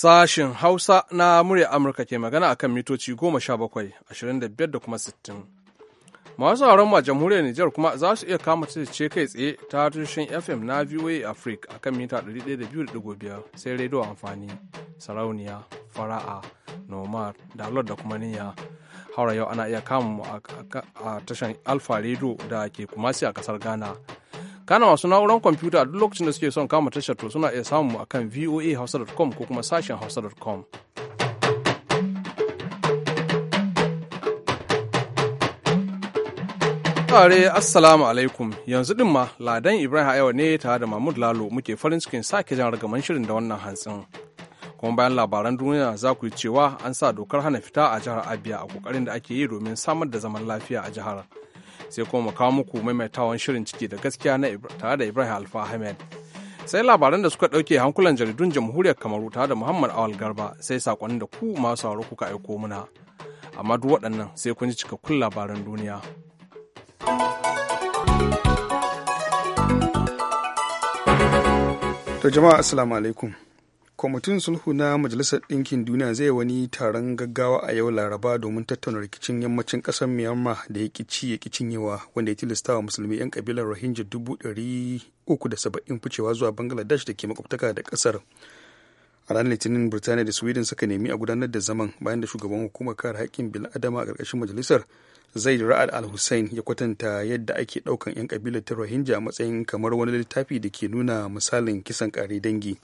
Sashen Hausa na murya Amurka ke magana akan mitoci goma sha bakwai, ashirin da biyar da kuma sittin. Masu sauran ma jamhuriyar Nijar kuma za su iya kama ce kai tsaye ta tushen FM na VOA Africa a kan mita 102.5 sai rediyo amfani, sarauniya, fara'a, nomad, lord da kuma niyya. Haura yau ana iya kama mu a tashar Alfa Radio da ke kumasi a kasar Ghana. Kana masu na'urar kwamfuta duk lokacin da suke son kama tashar to suna iya samun mu a kan voahausa.com ko kuma sashen hausa.com. saurare assalamu alaikum yanzu din ma ladan ibrahim ayawa ne tare da mahmud lalo muke farin cikin sake jan ragaman shirin da wannan hantsin kuma bayan labaran duniya za ku yi cewa an sa dokar hana fita a jihar abia a kokarin da ake yi domin samar da zaman lafiya a jihar sai kuma mu kawo muku maimaitawan shirin ciki da gaskiya na tare da ibrahim alfa ahmed sai labaran da suka ɗauke hankulan jaridun jamhuriyar kamaru tare da muhammad awal garba sai sakonnin da ku masu sauraro kuka aiko muna amma duk waɗannan sai kun ji cikakkun labaran duniya To jama'a assalamu alaikum. Kwamitin sulhu na Majalisar Ɗinkin Duniya zai wani taron gaggawa a yau Laraba domin tattauna rikicin yammacin ƙasar Myanmar da ya ci ya cinyewa wanda ya tilasta wa musulmi 'yan kabilar Rohingya dubu ɗari uku da saba'in ficewa zuwa Bangladesh da ke makwabtaka da ƙasar. A ranar Litinin Birtaniya da Sweden suka nemi a gudanar da zaman bayan da shugaban hukumar kare haƙƙin bil'adama a ƙarƙashin majalisar zaid ra'ad al-hussein ya kwatanta yadda ake ɗaukan 'yan ƙabilar ta rohingya a matsayin kamar wani littafi da ke nuna misalin kisan kare dangi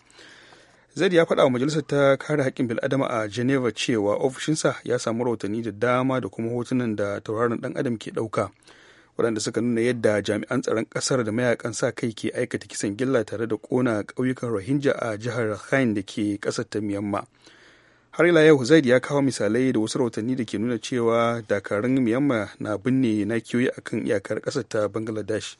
zaid ya faɗa wa majalisar ta kare haƙƙin bil'adama a geneva cewa ofishinsa ya samu rahotanni da dama da kuma hotunan da tauraron ɗan adam ke ɗauka waɗanda suka nuna yadda jami'an tsaron ƙasar da mayakan sa kai ke aikata kisan gilla tare da ƙona ƙauyukan rohingya a jihar rakhine da ke ƙasar ta myanmar har ila yau zaid ya kawo misalai da wasu rahotanni da ke nuna cewa dakarun miyamma na binne na kiyoyi akan iyakar ƙasar ta bangladesh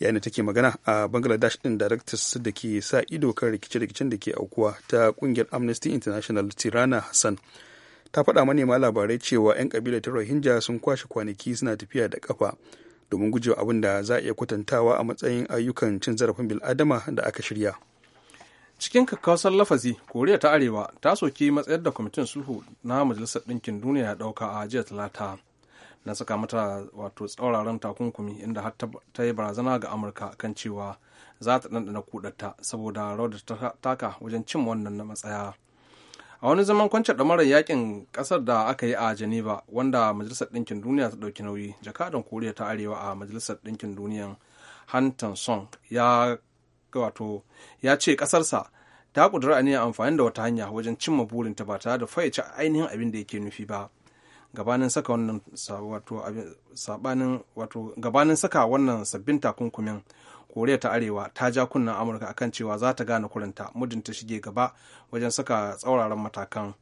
yayin da take magana a bangladesh din directors da ke sa ido kan rikice-rikicen da ke aukuwa ta kungiyar amnesty international tirana hassan ta faɗa manema labarai cewa 'yan kabilar ta rohingya sun kwashe kwanaki suna tafiya da kafa domin gujewa abin da za a iya kwatantawa a matsayin ayyukan cin zarafin bil'adama da aka shirya. cikin kakkausar lafazi koriya ta arewa ta soke matsayar da kwamitin sulhu na majalisar ɗinkin duniya ya ɗauka a jiya talata na saka mata wato tsauraran takunkumi inda har ta yi barazana ga amurka kan cewa za ta ɗanɗana kudatta saboda rawar ta taka wajen cin wannan na matsaya a wani zaman kwance ɗamarar yakin ƙasar da aka yi a geneva wanda majalisar ɗinkin duniya ta ɗauki nauyi jakadan koriya ta arewa a majalisar ɗinkin duniya hantan song ya wato ya ce ƙasarsa ta kudura aniyar amfani da wata hanya wajen cimma burinta ba tare da fayyace ainihin abin da yake nufi ba gabanin saka wannan wato sabanin wato gabanin saka wannan sabbin takunkumin koriya ta arewa ta ja kunnen amurka akan cewa za ta gane kurinta muddin ta shige gaba wajen saka tsauraran matakan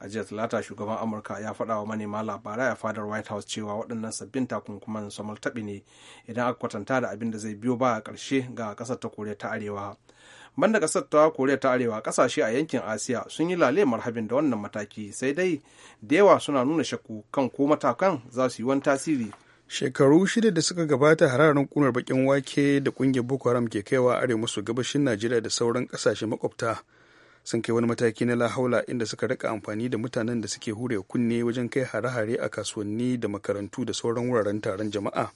a jiya talata shugaban amurka ya faɗa wa manema labarai a fadar white house cewa waɗannan sabbin takunkuman samar taɓi ne idan aka kwatanta da abin da zai biyo ba a ƙarshe ga ƙasar ta koriya ta arewa banda ƙasar ta koriya ta arewa ƙasashe a yankin asiya sun yi lale marhabin da wannan mataki sai dai da yawa suna nuna shakku kan ko matakan za su yi wani tasiri shekaru shida da suka gabata hararin kunar bakin wake da kungiyar boko haram ke kaiwa arewa maso gabashin najeriya da sauran kasashe makwabta sun kai wani mataki na lahaula inda suka rika amfani da mutanen da suke hure kunne wajen kai hare-hare a kasuwanni da makarantu da sauran wuraren taron jama'a a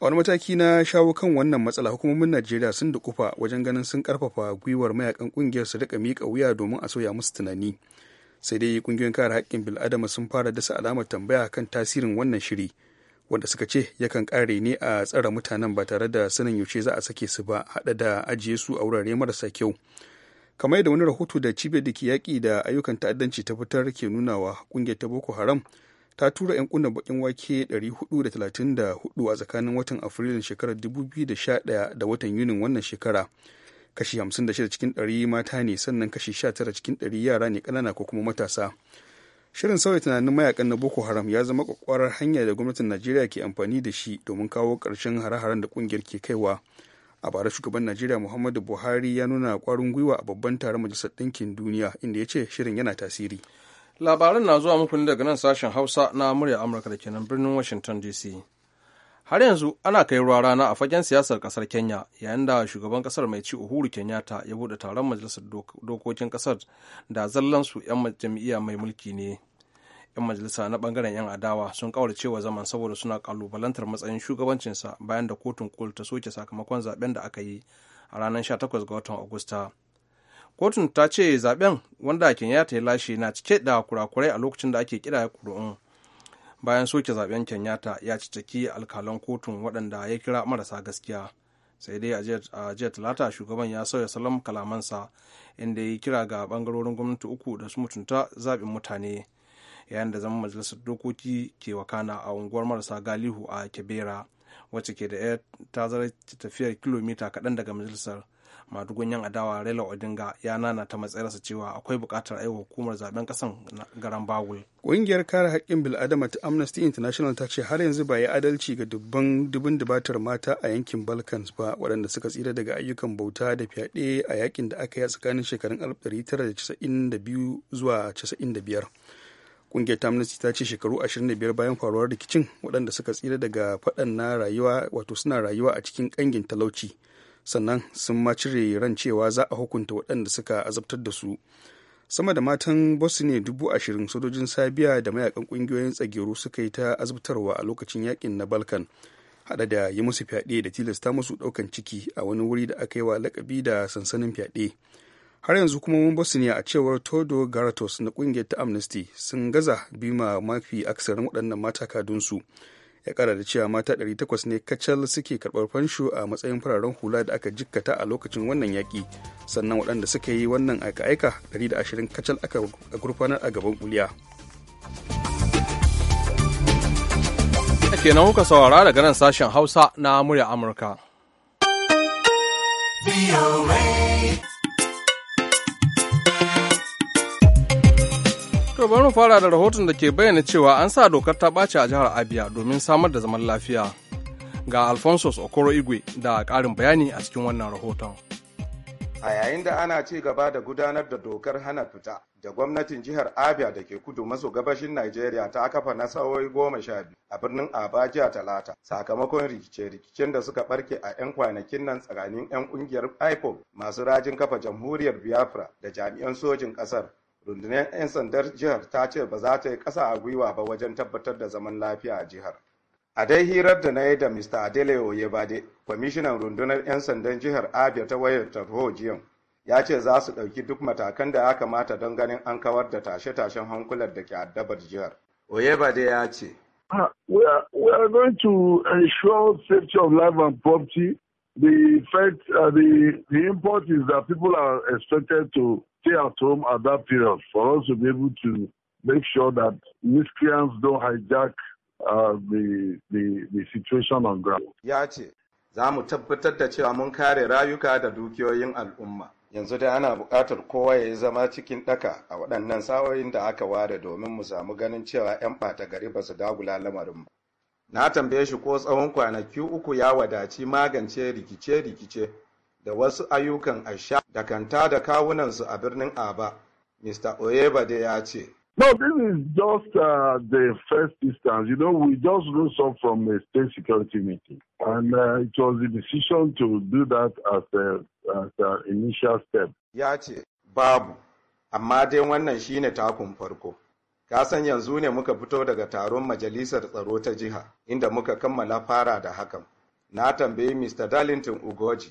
wani mataki na shawo kan wannan matsala hukumomin najeriya sun dukufa wajen ganin sun karfafa gwiwar mayakan kungiyar su rika miƙa wuya domin a soya musu tunani sai dai kungiyoyin kare haƙƙin bil'adama sun fara dasa alamar tambaya kan tasirin wannan shiri wanda suka ce yakan kare ne a tsara mutanen ba tare da sanin yaushe za a sake su ba haɗa da ajiye su a wurare marasa kyau kamar yadda wani rahoto da cibiyar da ke yaƙi da ayyukan ta'addanci ta fitar ke nunawa ƙungiyar ta boko haram ta tura 'yan kunnan bakin wake 434 a tsakanin watan afrilun shekarar 2011 da watan yunin wannan shekara kashi 56 cikin 100 mata ne sannan kashi 19 cikin 100 yara ne kanana ko kuma matasa shirin sauya tunanin mayakan na boko haram ya zama kwakwarar hanya da gwamnatin najeriya ke amfani da shi domin kawo ƙarshen hare-haren da ƙungiyar ke kaiwa a bara shugaban najeriya muhammadu buhari ya nuna kwarin gwiwa a babban taron majalisar ɗinkin duniya inda ya ce shirin yana tasiri labaran na zuwa muku daga nan sashen hausa na murya amurka da kenan birnin washington dc har yanzu ana kai ruwa rana a fagen siyasar kasar kenya yayin da shugaban kasar mai ci uhuru kenyatta ya buɗe taron majalisar dokokin kasar da zallansu 'yan jam'iyya mai mulki ne 'yan majalisa na bangaren 'yan adawa sun cewa zaman saboda suna kalubalantar matsayin shugabancinsa bayan da kotun kul ta soke sakamakon zaben da aka yi a ranar 18 ga watan agusta kotun ta ce zaben wanda ake ya ta yi lashe na cike da kurakurai a lokacin da ake kira kuri'un bayan soke zaben kenyatta ya ciciki alkalan kotun waɗanda ya kira marasa gaskiya sai dai a jiya talata shugaban ya sauya salon kalamansa inda ya kira ga bangarorin gwamnati uku da su mutunta zaɓin mutane yayin da zaman majalisar dokoki ke wakana a unguwar marasa galihu a kebera wacce ke da yar tazarar tafiyar kilomita kaɗan daga majalisar madugun yan adawa raila odinga ya nana ta matsayarsa cewa akwai buƙatar aiwa hukumar zaben ƙasan garan bawul ƙungiyar kare haƙƙin bil'adama ta amnesty international ta ce har yanzu ba ya adalci ga dubban dubin dubatar mata a yankin balkans ba waɗanda suka tsira daga ayyukan bauta da fyaɗe a yakin da aka yi a tsakanin shekarun 1992 zuwa 95 kungiyar ta amnesty ta ce shekaru 25 bayan faruwar rikicin waɗanda suka tsira daga faɗan na rayuwa wato suna rayuwa a cikin ƙangin talauci sannan sun ma cire ran cewa za a hukunta waɗanda suka azabtar da su sama da matan bosnia dubu ashirin sojojin sabiya da mayakan ƙungiyoyin tsagero suka yi ta azabtarwa a lokacin yakin na balkan hada da yi musu fyaɗe da tilasta musu ɗaukan ciki a wani wuri da aka yi wa lakabi da sansanin fyaɗe har yanzu kuma hukumomin ne a cewar todo garatos na kungiyar ta amnesty sun gaza bima mafi aksarin waɗannan mata kadunsu ya kara da cewa mata 800 ne kacal suke karɓar fansho a matsayin fararen hula da aka jikkata a lokacin wannan yaƙi sannan waɗanda suka yi wannan aika-aika 120 kacal aka gurfanar a gaban kuliya kenan kuka saurara daga nan sashen hausa na murya amurka To bari mu fara da rahoton da ke bayyana cewa an sa dokar ta ɓaci a jihar Abia domin samar da zaman lafiya. Ga Alfonso Okoro Igwe da ƙarin bayani a cikin wannan rahoton. A yayin da ana ci gaba da gudanar da dokar hana fita da gwamnatin jihar Abia da ke kudu maso gabashin Najeriya ta kafa nasarori goma sha biyu a birnin abuja Talata sakamakon rikice-rikicen da suka barke a 'yan kwanakin nan tsakanin 'yan kungiyar IPOB masu rajin kafa jamhuriyar Biafra da jami'an sojin ƙasar rundunar 'yan sandar jihar ta ce ba za ta yi ƙasa a gwiwa ba wajen tabbatar da zaman lafiya a jihar a dai hirar da na yi da mr adele oyebade kwamishinan rundunar 'yan sandan jihar abia ta wayar tarho jiyan ya ce za su ɗauki duk matakan da ya kamata don ganin an kawar da tashe-tashen hankular da ke addabar jihar oyebade ya ce ah, We are, going to ensure safety of life and property. The fact, uh, the, the import is that people are expected to stay at home at that period for us to be able to make sure that miscreants don't hijack uh, the, the, the situation on ground. Ya ce, za mu tabbatar da cewa mun kare rayuka da dukiyoyin al'umma. Yanzu dai ana buƙatar kowa ya zama cikin ɗaka a waɗannan sa'o'in da aka ware domin mu samu ganin cewa 'yan ɓata gari ba su dagula lamarin ba. Na tambaye shi ko tsawon kwanaki uku ya wadaci magance rikice-rikice da wasu ayyukan asha da kanta da kawunansu a birnin Aba. Mr. Oyebade ya ce. No, this is just uh, the first instance. You know, we just rose up from a state security meeting, and uh, it was the decision to do that as, a, as a initial step. Ya ce, babu, amma dai wannan shine takun farko. Ka san yanzu ne muka fito daga taron majalisar tsaro ta jiha, inda muka kammala fara da hakan. Na tambayi Mr. Darlington Ugoji,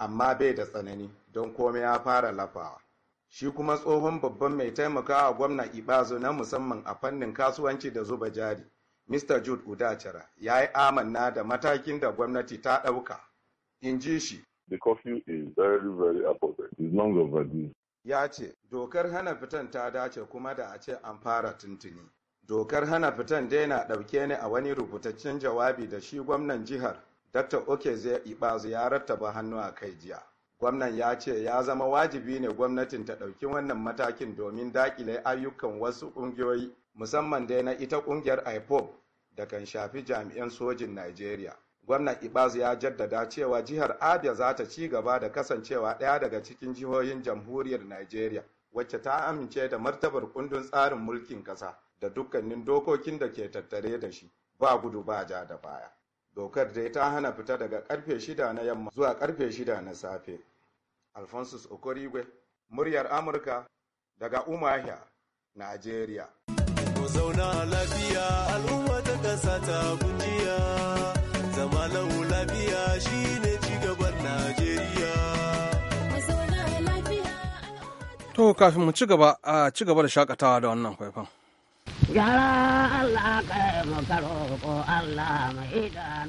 amma bai da tsanani don komai ya fara lafawa. Shi kuma tsohon babban mai taimakawa gwamna Ibazo na musamman a fannin kasuwanci da zuba jari, Mr. Jude Udachara, ya yi amanna da matakin da gwamnati ta ɗauka. In ji shi. Ya ce, dokar hana fitan ta dace kuma da a ce an fara tuntuni. Dokar hana fitan dai na ɗauke ne a wani rubutaccen jawabi da shi gwamnan jihar Dr. Okeze Ikpeazu ya rattaba hannu a kai jiya. Gwamnan ya ce ya zama wajibi ne gwamnatin ta ɗauki wannan matakin domin daƙile ayyukan wasu ƙungiyoyi musamman dai na ita ƙungiyar IPOB da kan shafi jami'an sojin Najeriya. Gwamnan Ibaz ya jaddada cewa jihar Abia za ta ci gaba da kasancewa ɗaya daga cikin jihohin jamhuriyar Najeriya wacce ta amince da martabar kundin tsarin mulkin ƙasa da dukkanin dokokin da ke tattare da shi ba gudu ba ja da baya. dokar dai ta hana fita daga karfe shida na yamma zuwa karfe shida na safe alphonsus okorigwe muryar amurka daga umahia Najeriya. ku zauna lafiya al'umma ta kasa ta kujiya zama lau lafiya shine cigaban najeriya to kafin mu ci gaba da shakatawa da wannan faifan Yara Allah kai mu karo ko Allah mai da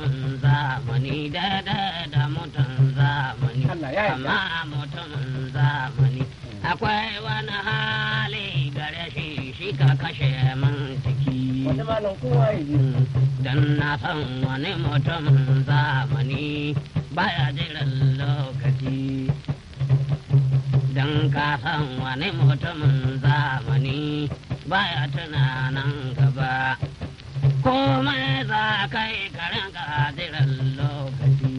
mutumin zamani daidai da mutum zamani amma mutumin zamani akwai wani hali gare shi shi ka kashe man ciki don na san wani mutumin zamani baya jiran lokaci don ka san wani mutumin zamani baya tunanan gaba komai za kai karin kadiran lokaci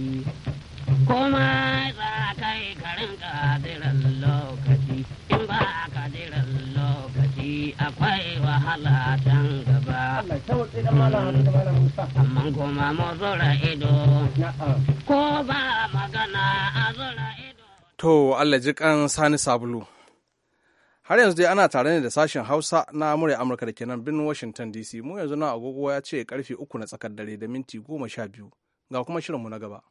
komai za kai karin kadiran lokaci in ba a kadiran lokaci akwai wahala can gaba amma kuma mu ido ko ba magana a zura ido to Allah jikan sani sabulu har yanzu dai ana tare ne da sashen hausa na murya amurka da kenan birnin washington dc mu yanzu na agogo ya ce karfe uku na tsakar dare da minti goma sha biyu ga kuma shirinmu na gaba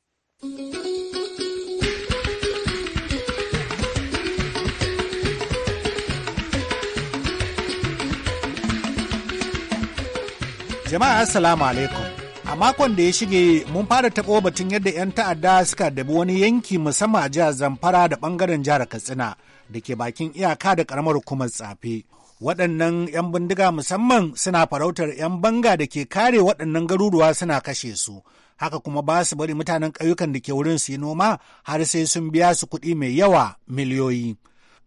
jama'a assalamu alaikum A makon da ya shige mun fara taɓo batun yadda 'yan ta'adda suka dabi wani yanki musamman a jihar Zamfara da ɓangaren jihar Katsina da ke bakin iyaka da ƙaramar kuma tsafe. Waɗannan 'yan bindiga musamman suna farautar 'yan banga da ke kare waɗannan garuruwa suna kashe su. Haka kuma ba su bari mutanen ƙauyukan da ke wurin su yi noma har sai sun biya su kuɗi mai yawa miliyoyi.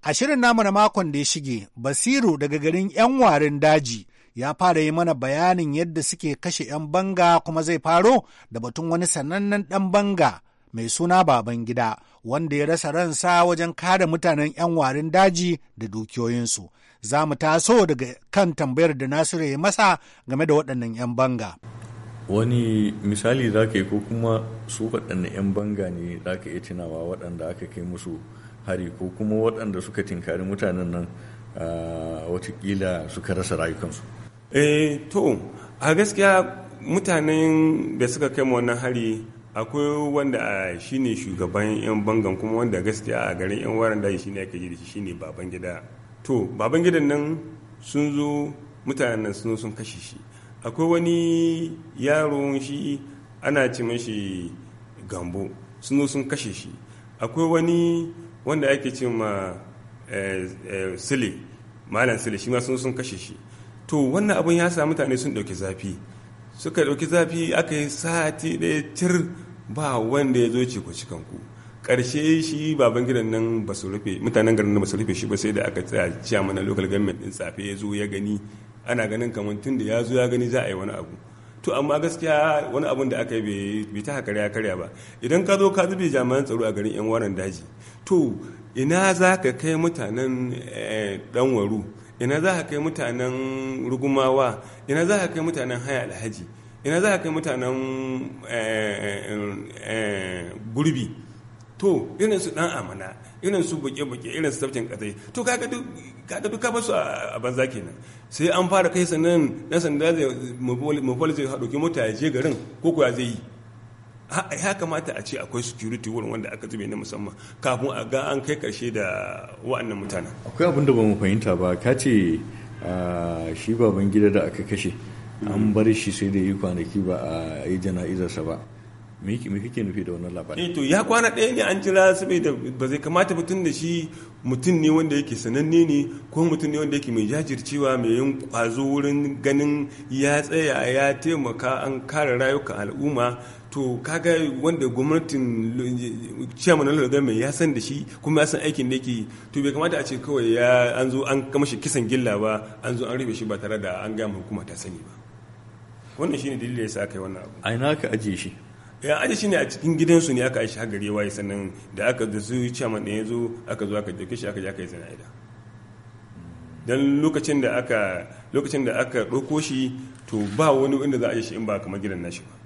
A shirin namu na makon da ya shige, Basiru daga garin 'yan warin daji ya fara yi mana bayanin yadda suke kashe 'yan banga kuma zai faro da batun wani sanannen ɗan banga mai suna baban gida wanda ya rasa ransa wajen kare mutanen 'yan warin daji da dukiyoyinsu. Za mu taso daga kan tambayar da Nasiru ya masa game da waɗannan 'yan banga. Wani misali za ka yi ko kuma su waɗannan 'yan banga ne za ka iya tunawa waɗanda aka kai musu hari ko kuma waɗanda suka tinkari mutanen nan ah, watakila suka rasa rayukansu. eh to a gaskiya mutanen da suka kai wannan hari akwai wanda shine shugaban yan bangan kuma wanda gaskiya a garin yan waran da shine ne yi da shi shine baban gida to baban gidan nan sun zo mutanen nan sun sun kashe shi akwai wani yaro shi ana ci mashi gambo sun zo sun kashe shi akwai wani wanda ake ce ma eh, eh, sile malam sile shi ma sun sun kashe shi to wannan abun ya sa mutane sun ɗauki zafi suka ɗauki zafi aka yi sati ɗaya tir ba wanda ya zo ce ku cikan ku ƙarshe shi baban gidan nan ba su rufe mutanen garin ba su rufe shi ba sai da aka tsaya ciya mana local government ɗin tsafe ya zo ya gani ana ganin kamar tun da ya zo ya gani za a yi wani abu to amma gaskiya wani abun da aka yi bai ta hakari ya karya ba idan ka zo ka zube jami'an tsaro a garin yan waran daji to ina za ka kai mutanen eh, ɗanwaru ina za ka kai mutanen rugumawa ina za ka kai mutanen haya alhaji ina za ka kai mutanen eh, eh, eh, gurbi to irin su dan amana irin su buke-buke irin su tafcin kasai to kaga duk ka basu a banza kenan sai an fara kai sannan dan sanda zai mafoli haɗoki mota ya je garin ko kuwa zai yi ya kamata a ce akwai security wurin wanda aka zube na musamman kafin a ga an kai karshe da wa'annan mutanen akwai abin da ba mu fahimta ba ka ce shi baban gida da aka kashe an hmm. bar shi sai da yi kwanaki ba a yi jana'izarsa ba me kake nufi da wannan labarin eh, to ya kwana ɗaya ne an jira saboda ba zai kamata mutum da shi mutum ne wanda yake sananne ne ko mutum ne wanda yake mai jajircewa mai yin kwazo wurin ganin ya tsaya ya taimaka an kare rayuka al'umma to kaga wanda gwamnatin chairman na mai ya san da shi kuma ya san aikin da yake to bai kamata a ce kawai ya an zo an kama shi kisan gilla ba an zo an rufe shi ba tare da an gama hukuma ta sani ba wannan shine dalilin da yasa aka yi wannan abu a ina aka aje shi ya aje shi ne a cikin gidansu ne aka aishi har gari waye sannan da aka da su chairman ne ya zo aka zo aka dauke shi aka je aka yi zana'ida dan lokacin da aka lokacin da aka ɗauko shi to ba wani inda za a aje shi in ba kamar gidan nashi ba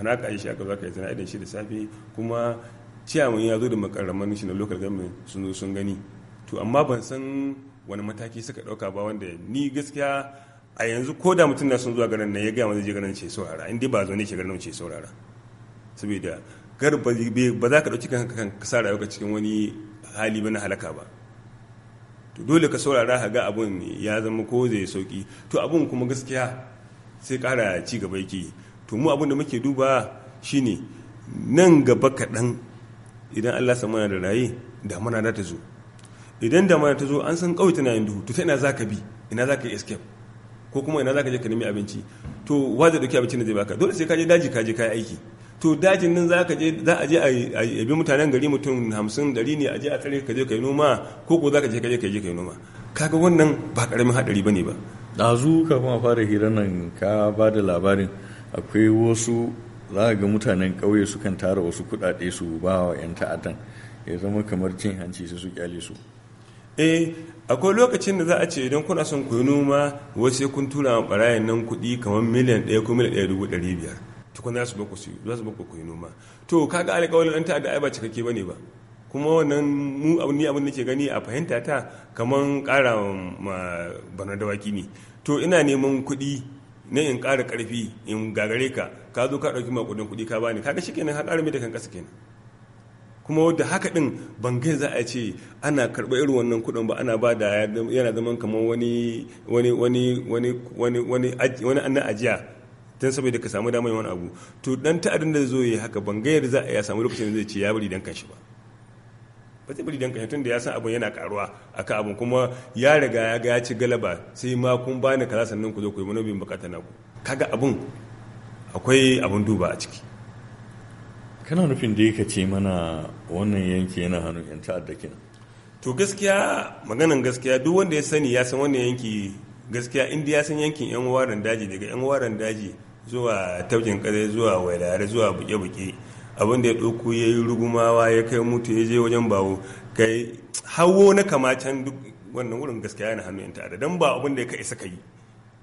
ana ka shi aka zaka yi tana idan shi da safe kuma ciyaman ya zo da makarraman shi na local government sun zo sun gani to amma ban san wani mataki suka dauka ba wanda ni gaskiya a yanzu ko da mutum na sun zuwa garin nan ya gaya mana je garin ce saurara in dai ba zo ne ke garin ce saurara saboda gar ba za ka dauki kanka kan ka sa rayuwa cikin wani hali ba na halaka ba to dole ka saurara ka ga abun ya zama ko zai sauki to abun kuma gaskiya sai kara ci gaba yake to mu abin da muke duba shine nan gaba kaɗan idan allah sa mana da raye damana za ta zo idan damana ta zo an san kawai tana yin duhu to ta ina za ka bi ina za ka yi escape ko kuma ina za ka je ka nemi abinci to wa zai ɗauki abincin da zai baka dole sai ka je daji ka je ka yi aiki to dajin nan za ka je za a je a yabi mutanen gari mutum hamsin dari ne a je a tsare ka je ka yi noma ko ko za ka je ka je ka je ka yi noma kaga wannan ba karamin hadari ne ba dazu kafin a fara hirar nan ka ba da labarin akwai wasu za ga mutanen ƙauye sukan tara wasu kuɗaɗe su ba wa 'yan ta'addan ya zama kamar cin hanci su su kyale su eh akwai lokacin da za a ce idan kuna son koyi noma wai sai kun tura wa barayin nan kuɗi kamar miliyan ɗaya ko miliyan ɗaya dubu ɗari biyar tukun za su ba ku su za su ba ku yi noma to kaga alƙawarin ɗan ta'adda ai ba cikakke bane ba kuma wannan mu abin ni abin da ke gani a fahimta ta kamar ƙara ma bana dawaki ne to ina neman kuɗi ne in ƙara ƙarfi in gagare ka ka zo ka ɗauki makudin kuɗi ka bani kaga shi kenan ƙara mai da kan ƙasa kenan kuma wadda haka ɗin bangai za a ce ana karɓar irin wannan kuɗin ba ana ba da yana zaman kamar wani wani wani wani wani wani wani annan ajiya don saboda ka samu damar wani abu to dan ta'adun da zo yi haka bangai da za a ya samu lokacin da zai ce ya bari dan shi ba ba zai bari dan kashe tun da ya san abin yana karuwa a ka abin kuma ya riga ya ga ya ci galaba sai ma kun ba ni kaza sannan ku zo ku yi manobin bukata na ku kaga abin akwai abin duba a ciki kana nufin da yake ce mana wannan yanki yana hannun yan ta'adda kina to gaskiya maganan gaskiya duk wanda ya sani ya san wannan yanki gaskiya inda ya san yankin yan waran daji daga yan waran daji zuwa taukin kare zuwa wailare zuwa buke-buke abin da ya ɗauko ya yi rugumawa ya kai mutu ya je wajen bawo kai hawo na kamacin duk wannan wurin gaskiya yana hannu yan ta'ada don ba abin da ya ka isa ka yi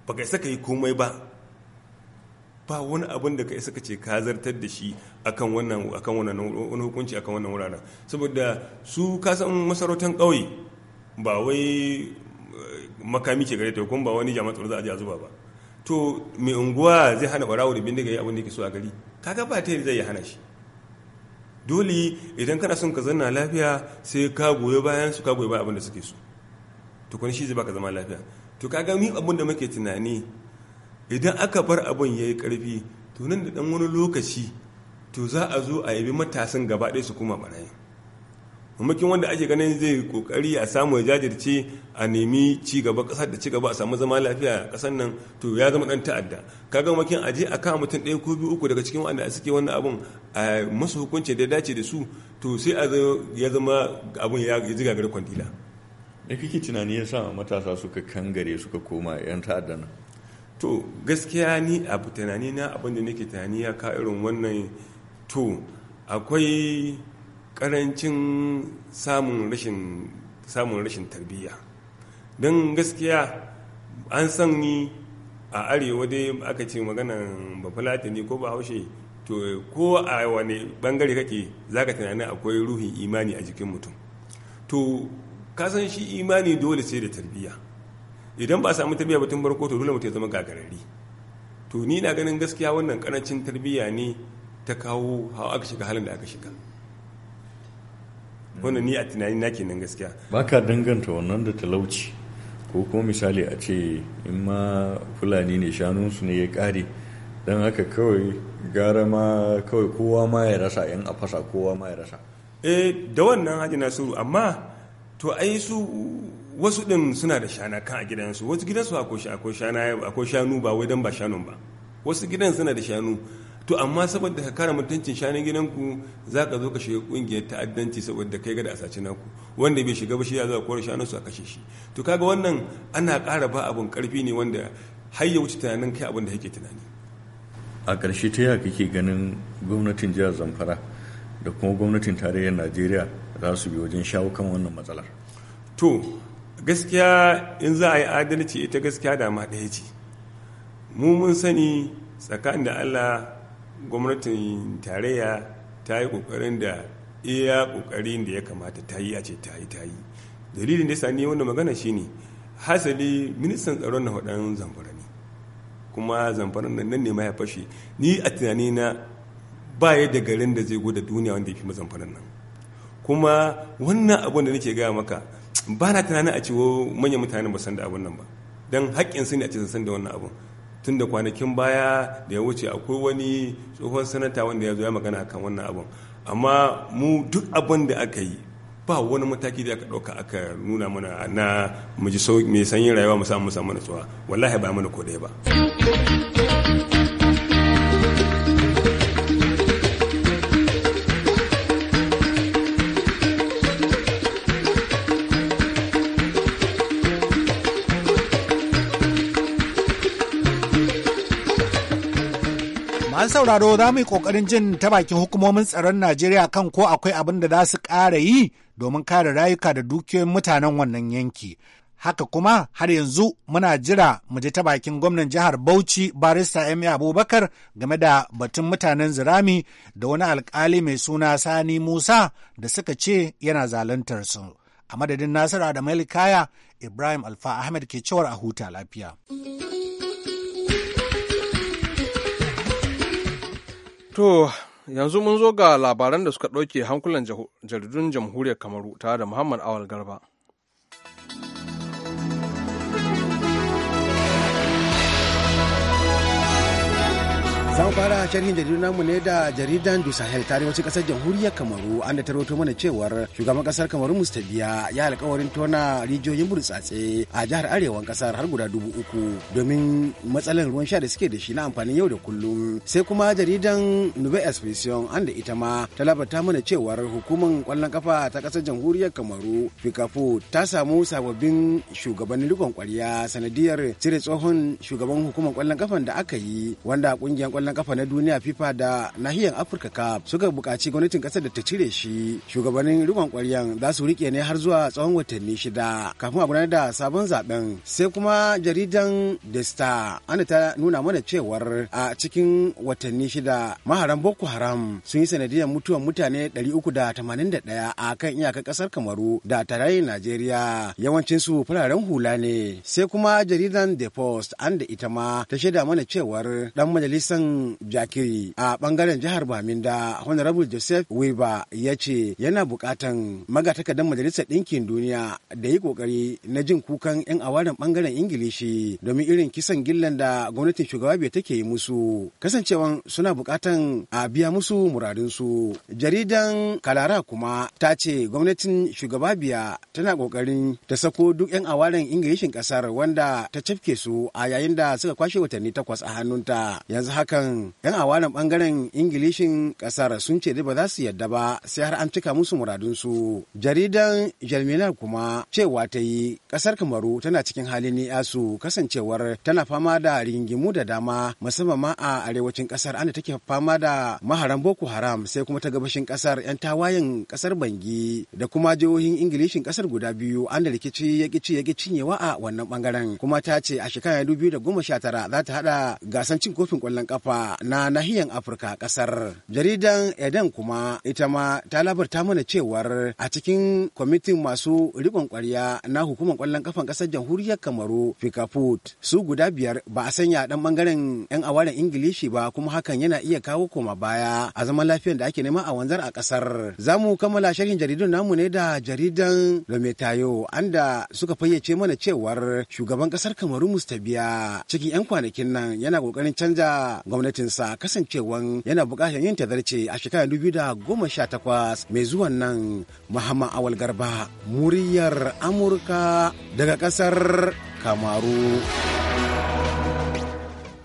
ba ka isa ka yi komai ba ba wani abin da ka isa ka ce ka zartar da shi akan wannan akan wannan wani hukunci akan wannan wuraren saboda su ka san masarautar ƙauye ba wai eh, makami ke gare ta kuma ba wani jama'a tsaro za a je a zuba ba to mai unguwa zai hana barawo da bindiga ya abin da yake so a gari kaga ba ta yi zai hana shi dole idan kana son ka zanna lafiya sai ka goyi bayan su ka goyi bayan abin da suke so to kun shi zai baka zama lafiya to ga ni abin da muke tunani idan aka bar abin yayi karfi to nan da dan wani lokaci to za a zo a yabi matasan gaba ɗaya su kuma barayin mamakin wanda ake ganin zai kokari a samu ya jajirce a nemi ci gaba kasar da ci gaba a samu zama lafiya a kasar nan to ya zama dan ta'adda kaga mamakin aje a kawo mutum ɗaya ko biyu uku daga cikin wanda suke wannan abun a masu hukunci da dace da su to sai a ya zama abun ya ji gari kwandila me kike tunani ya sa matasa suka kangare suka koma yan ta'adda nan to gaskiya ni a tunani na abin da nake tunani ya ka irin wannan to akwai karancin samun rashin tarbiyya don gaskiya an san ni a arewa dai aka ce maganan bafulata ne ko ba haushe to ko a wani bangare kake zaka tunanin akwai ruhin imani a jikin mutum to kasan shi imani dole sai da tarbiyya idan ba a samu tarbiyya batun barko to dole mutum ya zama gagarari to ni na ganin gaskiya wannan karancin tarbiyya ne ta kawo hawa aka shiga halin da aka shiga wannan ni a tunanin na kenan gaskiya ba ka danganta wannan da talauci ko kuma misali a ce in ma fulani ne shanunsu ne ya kare don haka kawai gara ma kawai kowa ma ya rasa yan a fasa kowa ma ya rasa eh da wannan hajji nasiru amma to ai su wasu din suna da shana kan a gidansu wasu gidansu akwai shanu ba wai dan ba shanun ba wasu gidan suna da shanu to amma saboda ka kare mutuncin shanin gidanku za ka zo ka shiga kungiyar ta'addanci saboda kai ga da asaci naku wanda bai shiga ba shi ya zo kore su a kashe shi to kaga wannan ana ƙara ba abun ƙarfi ne wanda har ya wuce tunanin kai abin da kake tunani a ƙarshe ta yaya kake ganin gwamnatin jihar zamfara da kuma gwamnatin tarayyar najeriya za su bi wajen shawo kan wannan matsalar to gaskiya in za a yi adalci ita gaskiya dama ɗaya ce mu mun sani tsakanin da allah gwamnatin tarayya ta yi kokarin da iya kokarin da ya kamata ta yi a ce ta yi ta yi dalilin da ya sani wanda magana shi shine hasali ministan tsaron na hudan zamfara ne kuma zamfara nan ne ma ya fashe ni a tunani na ba ya da garin da zai goda duniya wanda ya fi mazamfara nan kuma wannan abun da nake gaya maka ba na tunanin a ciwo manyan mutane ba san da abun nan ba don haƙƙin su ne a ce san da wannan abun tun da kwanakin baya da ya wuce akwai wani tsohon sanata wanda ya zo ya magana kan wannan abin amma mu duk abin da aka yi ba wani mataki da aka ɗauka aka nuna mana na mu ji mai sanyin rayuwa mu samu mu samu wallahi ba mana ko ɗaya ba sauraro za mu yi ƙoƙarin jin ta bakin hukumomin tsaron Najeriya kan ko akwai abin da za su ƙara yi domin kare rayuka da dukiyoyin mutanen wannan yanki. Haka kuma har yanzu muna jira mu je ta bakin gwamnan jihar Bauchi barista M. Abubakar game da batun mutanen Zirami da wani alkali mai suna Sani Musa da suka ce yana zalantar su. A madadin Nasiru Adamu Kaya, Ibrahim Alfa Ahmed ke cewar a huta lafiya. To, yanzu mun zo ga labaran da suka ɗauke hankulan jaridun jamhuriyar Kamaru tare da Muhammad Awal Garba. Zan fara sharhin jaridun namu ne da jaridan Du Sahel arewacin kasar jamhuriyar Kamaru an da taroto mana cewar shugaban kasar Kamaru Mustabiya ya alkawarin tona rijiyoyin burtsatse a jihar arewan kasar har guda dubu uku domin matsalar ruwan sha da suke da shi na amfanin yau da kullum. Sai kuma jaridan Nube Expression an da ita ma ta labarta mana cewar hukumar kwallon kafa ta kasar jamhuriyar Kamaru Fikafo ta samu sababbin shugabannin rikon kwarya sanadiyar cire tsohon shugaban hukumar kwallon kafan da aka yi wanda kungiyar kwallon kwallon kafa na duniya FIFA da nahiyar Afirka Cup suka bukaci gwamnatin ƙasar da ta cire shi. Shugabannin riƙon ƙwaryan za su riƙe ne har zuwa tsawon watanni shida kafin a gudanar da sabon zaben. Sai kuma jaridan The Star ana ta nuna mana cewar a cikin watanni shida maharan Boko Haram sun yi sanadiyar mutuwar mutane 381 a kan iyakar ƙasar Kamaru da tarayyar Najeriya su fararen hula ne. Sai kuma jaridan The Post an da ita ma ta shaida mana cewar dan majalisan Jakiri a bangaren jihar da Honorable Joseph Weba ya ce yana bukatan magatakardar Majalisar Ɗinkin Duniya da yi kokari na jin kukan 'yan awaren bangaren Ingilishi domin irin kisan gillan da gwamnatin shugaba bai take yi musu kasancewan suna bukatan a biya musu muradinsu. Jaridan Kalara kuma ta ce gwamnatin shugaba biya tana kokarin ta sako duk 'yan awaren Ingilishin kasar wanda ta cafke su a yayin da suka kwashe watanni takwas a hannunta yanzu hakan kan yan na bangaren ingilishin kasar sun ce ba za su yadda ba sai har an cika musu muradunsu jaridan jalminar kuma cewa ta yi kasar kamaru tana cikin halin ni'asu kasancewar tana fama da rigingimu da dama musamman ma a arewacin kasar ana take fama da maharan boko haram sai kuma ta gabashin kasar yan tawayen kasar bangi da kuma jihohin ingilishin kasar guda biyu an da rikici ya kici ya cinyewa a wannan bangaren kuma ta ce a shekara 2019 za ta hada gasan cin kofin kwallon kafa na nahiyan afirka kasar jaridan eden kuma ita ma ta labarta mana cewar a cikin kwamitin masu riƙon kwarya na hukumar kwallon kafan kasar jamhuriyar kamaru fikafut su guda biyar ba a sanya ɗan bangaren yan awaren ingilishi ba kuma hakan yana iya kawo koma baya a zaman lafiyar da ake nema a wanzar a kasar za mu kammala sharhin jaridun namu ne da jaridan lometayo anda suka fayyace mana cewar shugaban kasar kamaru mustabiya cikin yan kwanakin nan yana kokarin canja gwamnatinsa kasancewan yana bukatar yin tazarce a shekarar 2018 mai zuwan nan mahama Awal Garba muryar Amurka daga ƙasar Kamaru.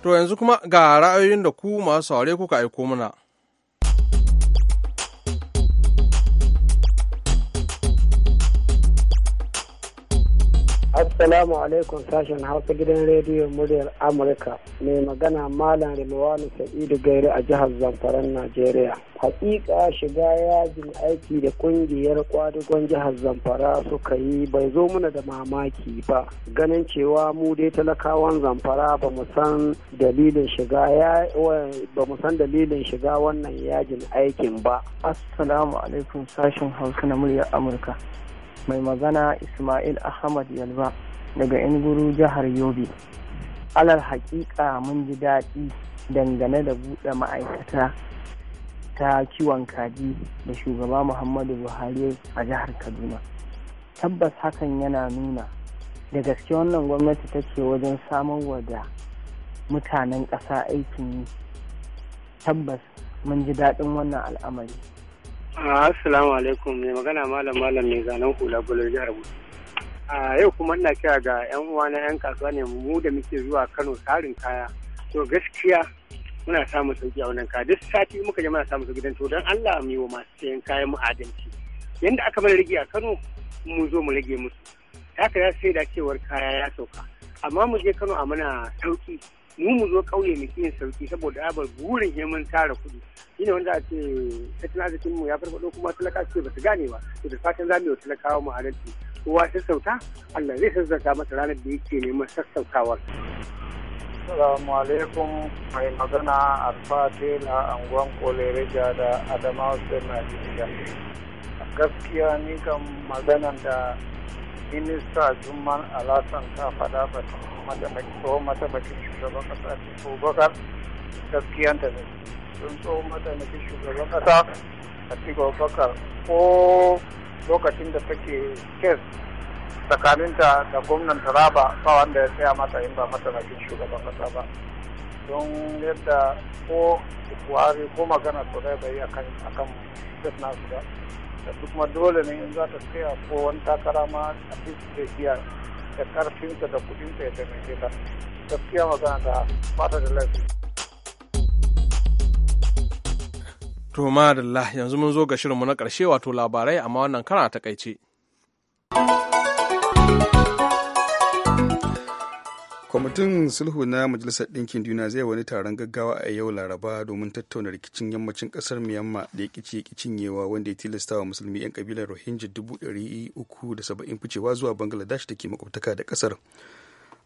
To yanzu kuma ga ra'ayoyin da ku masu saurare kuka aiko mana. Assalamu alaikum sashen Hausa gidan rediyon muryar Amurka mai magana Malam Rilwani Sa'idu Gairi a jihar Zamfaran Najeriya. Hakika shiga yajin aiki da kungiyar kwadugon jihar Zamfara suka yi bai zo mana da mamaki ba. Ganin cewa mu dai talakawan Zamfara ba mu san dalilin shiga ba mu san dalilin shiga wannan yajin aikin ba. Assalamu alaikum sashen Hausa na muryar Amurka. mai magana Ismail Ahmad Yalba daga guru jihar yobe alal haƙiƙa mun ji daɗi dangane da buɗe ma'aikata ta kiwon kaji da shugaba muhammadu buhari a jihar kaduna tabbas hakan yana nuna da gaske wannan gwamnati take wajen samarwa da mutanen ƙasa aikin yi tabbas mun ji daɗin wannan al'amari assalamu alaikum mai magana malam malam mai zanen hula gular jihar bauchi a yau kuma ina kira ga yan uwana na yan kasuwa ne mu da muke zuwa Kano sarin kaya to gaskiya muna samun sauki a wannan kaya duk sati muka je muna samun sauki don to don Allah mu yi wa masu sayan kayan mu adalci yanda aka mana rage a Kano mu zo mu rage musu ta ya sai da cewar kaya ya sauka amma mu je Kano a mana sauki mu mu zo kauye mu yin sauki saboda abar burin mun tara kuɗi shine wanda a ce tattalin arzikin mu ya farfado kuma talaka ce ba su gane ba to da fatan za mu yi wa talakawa mu adalci kowa sassauta Allah zai sassauta masa ranar da yake neman sassautawar. Assalamu alaikum mai magana Alfa Tela anguwan Kolereja da Adamawa State A Gaskiya ni kan maganan da Minista Juman Alasan ta faɗa ba tsohon mataimakin shugaban ƙasa Abubakar ta ne. Sun tsohon mataimakin shugaban ƙasa a Tigo Bakar ko lokacin da take kes tsakaninta da gwamnan taraba ba wanda ya tsaya mata in ba mataimakin shugaban kasa ba don yadda ko buhari ko magana su bai bai akan akan kes nasu ba da duk ma dole ne in za ta tsaya ko wani takara ma a fiye da da karfinta da kudinta ya taimake ta gaskiya magana da fata ta da laifi To madalla yanzu mun zo ga shirinmu na ƙarshe wato labarai amma wannan kara takaice. kwamitin sulhu na majalisar ɗinkin duniya zai wani taron gaggawa a yau laraba domin tattauna rikicin yammacin ƙasar myanmar da ya cinyewa wanda ya tilasta wa musulmi 'yan kabilar rohingya 370 ficewa zuwa bangladesh da ke makwabtaka da ƙasar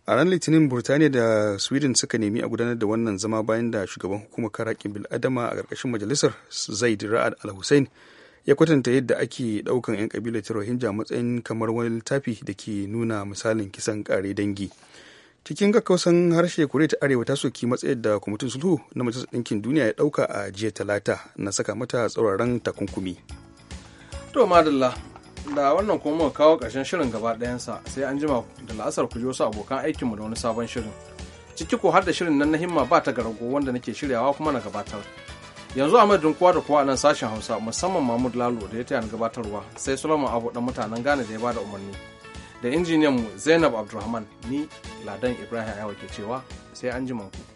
a ranar litinin burtaniya da sweden suka nemi a gudanar da wannan zama bayan da shugaban hukumar karakin bil'adama a ƙarƙashin majalisar zaid ra'ad al-hussein ya kwatanta yadda ake ɗaukan 'yan kabilar ta rohingya matsayin kamar wani littafi da ke nuna misalin kisan kare dangi cikin kakkausan harshe kure ta arewa ta soki matsayar da kwamitin sulhu na majalisar ɗinkin duniya ya ɗauka a jiya talata na saka mata tsauraran takunkumi to madalla da wannan kuma muka kawo ƙarshen shirin gaba ɗayansa sai an jima da la'asar ku ji wasu abokan aikinmu da wani sabon shirin ciki ko har da shirin nan na himma ba ta garago wanda nake shiryawa kuma na gabatar yanzu a madadin kowa da kowa nan sashen hausa musamman mahmud lalo da ya taya ni gabatarwa sai solomon abu dan mutanen ghana da ya bada umarni da injiniyanmu zainab abdulrahman ni ladan ibrahim ayawa ke cewa sai an jima ku.